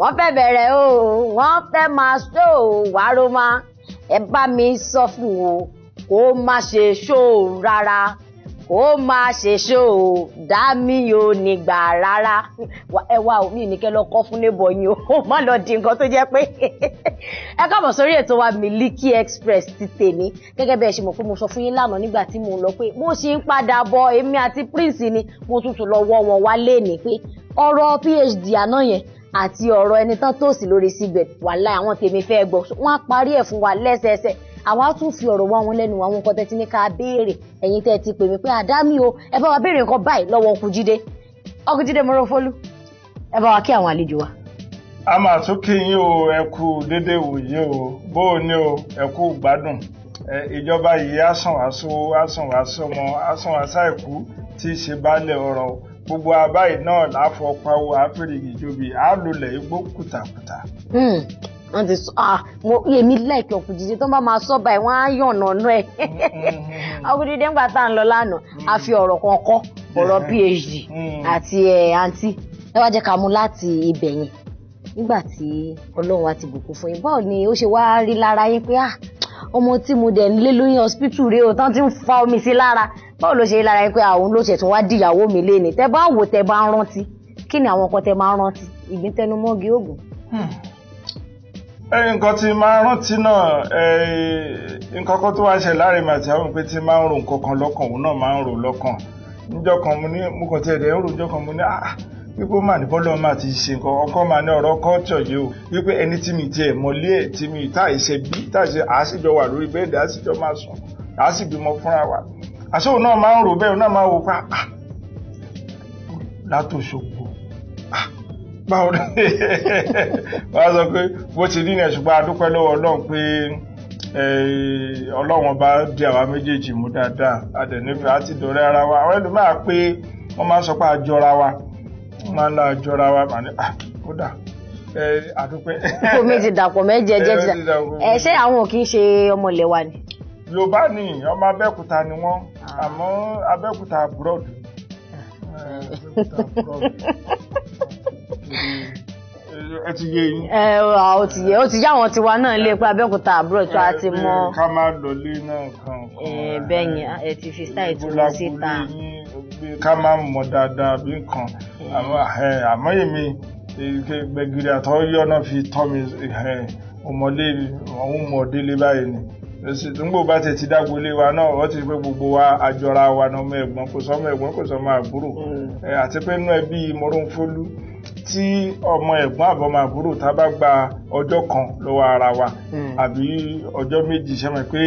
wọ́n fẹ́ bẹ̀rẹ̀ o wọ́n fẹ́ máa ṣó o wàá ló máa ẹ bá mi sọ fún o kó má ṣe ṣó o rárá kó má ṣe ṣó o dá mi ò ní gbà rárá ẹ wá o mi ò ní kẹ́ lọ kọ́ fún nébọ̀ yín o má lọ di nǹkan tó jẹ́ pé ẹ káàbọ̀ sórí ètò wa Miliki Express ti tèmi gẹ́gẹ́ bẹ́ẹ̀ ṣe mọ̀ pé mo sọ fún yín lánàá nígbà tí mo lọ pé mo ṣì ń padà bọ̀ èmi àti Prince ni mo tún tún lọ wọ́ wọn wá léèní pé ọ̀rọ̀ phd àná yẹn àti ọ̀rọ̀ ẹni tán tòsí lórí síbẹ̀ wàhálà àwọn tèmi fẹ́ gbọ́ wọ́n á parí ẹ̀ fún wa lẹ́sẹẹsẹ àwa tún fi ọ̀rọ̀ wá wọn lẹ́nu àwọn nǹkan tẹ́tí ní ká béèrè ẹ̀yin tẹ́ ti pè mí pé àdámì o ẹ bá wa béèrè nǹkan báyìí lọ́wọ́ Ọkùnjídé Ọkùnjídé Mọ́rọ́fọ́lú ẹ bá wa kí àwọn àlejò wa. a máa tún kí yín o ẹ kú déédéé wòye o bó o ní o ẹ kú gbádùn ìjọba yìí á sàn wá sówó á sàn wá sọmọ á sàn wá sáìkú tí ì ṣe baálé ọrọ̀ o gbogbo abáyé náà láfọpáwọ áfíríkì jóbi àlùlẹ̀ igbó kùtàkùtà. Hmm. wọ́n ti sọ ah, mo èmi lẹ́ẹ̀kì ọ̀kùnjìjì tó bá máa sọ báyìí wọ́n á yànnà náà ẹ̀ ọkùnjìjì mm-hmm. ńgbà tá à ń lọ lánàá a fi ọ̀rọ̀ kan kọ́ ọ̀rọ̀ mm-hmm. phd mm-hmm. àti àǹtí ẹ wá jẹ́ ká mú láti ibẹ̀ yẹn nígbà tí ọlọ́run wa ti bùkún fún yín báwo ni ó ṣe wá rí lára yín pé ah, ọmọ tí mo dẹ̀ ń lé lóyún hospital rèé o tán ti ń fa omi sí lára báwo ló ṣe rí lára yín pé àwọn ló ṣe tún wá dìyàwó mi lé ní tẹ bá wò tẹ bá rántí kí ni àwọn kan tẹ máa rántí ìgbín tẹnumọ́gi oògùn. Hmm. nǹkan tí máa rántí náà nǹkan kan tó wá ṣe láàrin màtí àwọn pé tí máa ń ro nǹkan kan lọ́kàn òun náà máa ń ro lọ́kàn níjọ́ kan mo ní mo kàn tiẹ̀ dẹ̀ ń ro níjọ́ kan mo ní ah wípé ó mà ní bọ́lọ́ máa ti ṣe nǹkan ọkọ máa ní ọ̀rọ̀ kọ́ọ̀tọ̀ yìí o wípé ẹni tí mi tiẹ̀ mọ́lé ẹ̀ tí mi táà ṣe bí táà ṣe àásìjọ wà lórí bẹ́ẹ̀dì àásìjọ máa sùn àásìbímọ fúnra wa àṣẹ́wò náà máa ń rò bẹ́ẹ̀ náà máa wò pa ah, látòṣogbo ah, báwo ni wọ́n á sọ pé bó ti ní ìyẹn ṣùgbọ́n a dúpẹ́ lọ́wọ́ ọlọ́run pé ọlọ́run ọba di àwa méjèèjì mú dáadáa àdẹ̀nífẹ̀ àti dọ̀rẹ́ ara wa àwọn ẹlòmíà pé wọ́n máa ń sọ pé àjọra wa wọ́n máa ń la àjọra wa mà ní kódà ah, àdúpẹ́. kò méjì dàpọ̀ méjì ẹ̀jẹ̀ ti dà ẹ̀ ṣé àwọn ò kì í ṣe ọmọ ilẹ̀ wa ni yorùbá ni ọmọ abẹ́òkúta ni wọ́n ah. àmọ́ abẹ́òkúta abroad. ẹ ti yé yín. ẹ ọ ti yé ó ti yá àwọn tiwa náà lé pé abẹ́òkúta abroad tó a ti mọ. ká má lọlé náà kan. bẹ́ẹ̀ ni ẹ ti fi style tó lọ síta. ká má mọ̀ dáadáa bí nǹkan àmọ́ èmi gbẹ̀gìrì àtọ́yọ́nà fi tọ́ mi ọmọdé ọ̀hún lé báyìí ni nígbò bá tẹ̀ ti dágbo ilé wa náà wọ́n ti pé gbogbo wa àjọra wa náà ọmọ ẹ̀gbọ́n kò sọ́mọ ẹ̀gbọ́n kò sọ́mọ àbúrò mm. àti pé nínú ẹbí Mọ́rúnfólú tí ọmọ ẹ̀gbọ́n àbọ̀mọ àbúrò tá a bá gba ọjọ́ kan lọ́wọ́ ara wa mm. àbí ọjọ́ méjì sẹ́mi pé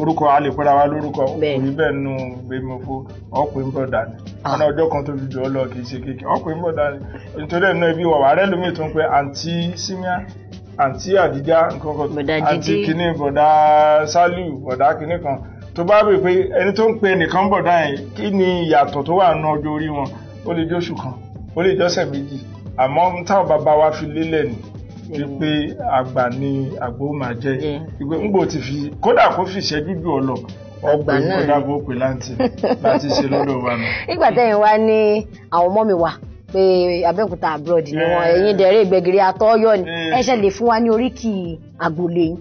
orúkọ a lè pẹ́ra wa lórúkọ òní bẹ́ẹ̀ nù gbẹmọ̀fó ọ̀pẹ̀ ń bọ̀ dání ah. ọ̀nà ọjọ́ kan tó fi jọ ọ lọ kì í ṣe kékeré ọ̀pẹ̀ ń bọ̀ dání nítorí ẹ̀ náà ibi wà wà rẹ́ lómi tó ń pẹ́ àǹtí símíà àǹtí àdíjá nǹkan kan àǹtí kìíní bọ̀dá sálù bọ̀dá kìíní kan tó bá bèè pé ẹni tó ń pe ẹnìkan bọ̀dá yẹn kí ni ìyàtọ̀ tó wà nù ọjọ́ orí wọn ó lè jọ́ṣù kan ó lè jọ́sẹ̀ méjì àmọ́ táwọn bàbá wa fi lélẹ̀ ni wípé àgbà ni àgbo máa jẹ ìgbé ńgbò ti fi kódà kó fi ìṣẹ́jú jù ọ lọ ọgbà náà ọgbà náà bó pè láǹtì láti ṣe lọ́dọ̀ wa nù. nígbà tẹ́yìn wá ní àwọn ọmọ mi wà pé Abẹ́òkúta abroad ni wọ́n eh. ẹ̀yin dẹ̀rẹ́ ìgbẹ́giri atọ́yọ̀ ni eh. ẹ ṣe lè fún wa ní oríkì àgbòlé yín.